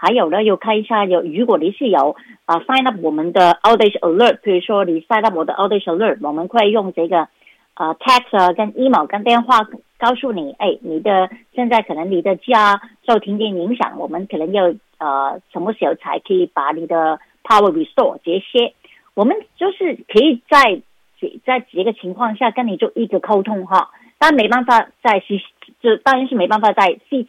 還有呢，又看一下有，如果你是有啊、呃、sign up 我們的 outage alert，譬如說你 sign up 我的的 outage alert，我們會用這個、呃、text 啊 text 跟 email 跟電話告訴你，誒、哎，你的現在可能你的家受停電影響，我們可能要，呃什麼時候才可以把你的 power restore？這些，我們就是可以在在幾個情況下跟你就一直溝通哈，但沒辦法在是，就當然是沒辦法在系，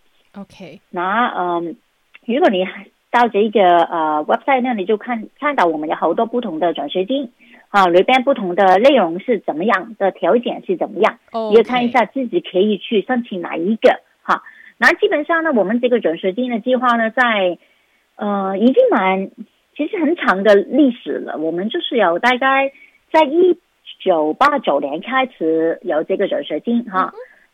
OK，那嗯，如果你到這個呃 website 呢，你就看看到我們有好多不同的獎學金，啊裏邊不同的內容是怎麼樣，的條件是怎麼樣，哦、okay.，你就看一下自己可以去申請哪一個，哈、啊。那基本上呢，我們這個獎學金的計劃呢，在，呃已經蠻其實很長的歷史了，我們就是有大概在一九八九年開始有這個獎學金，哈、mm -hmm.。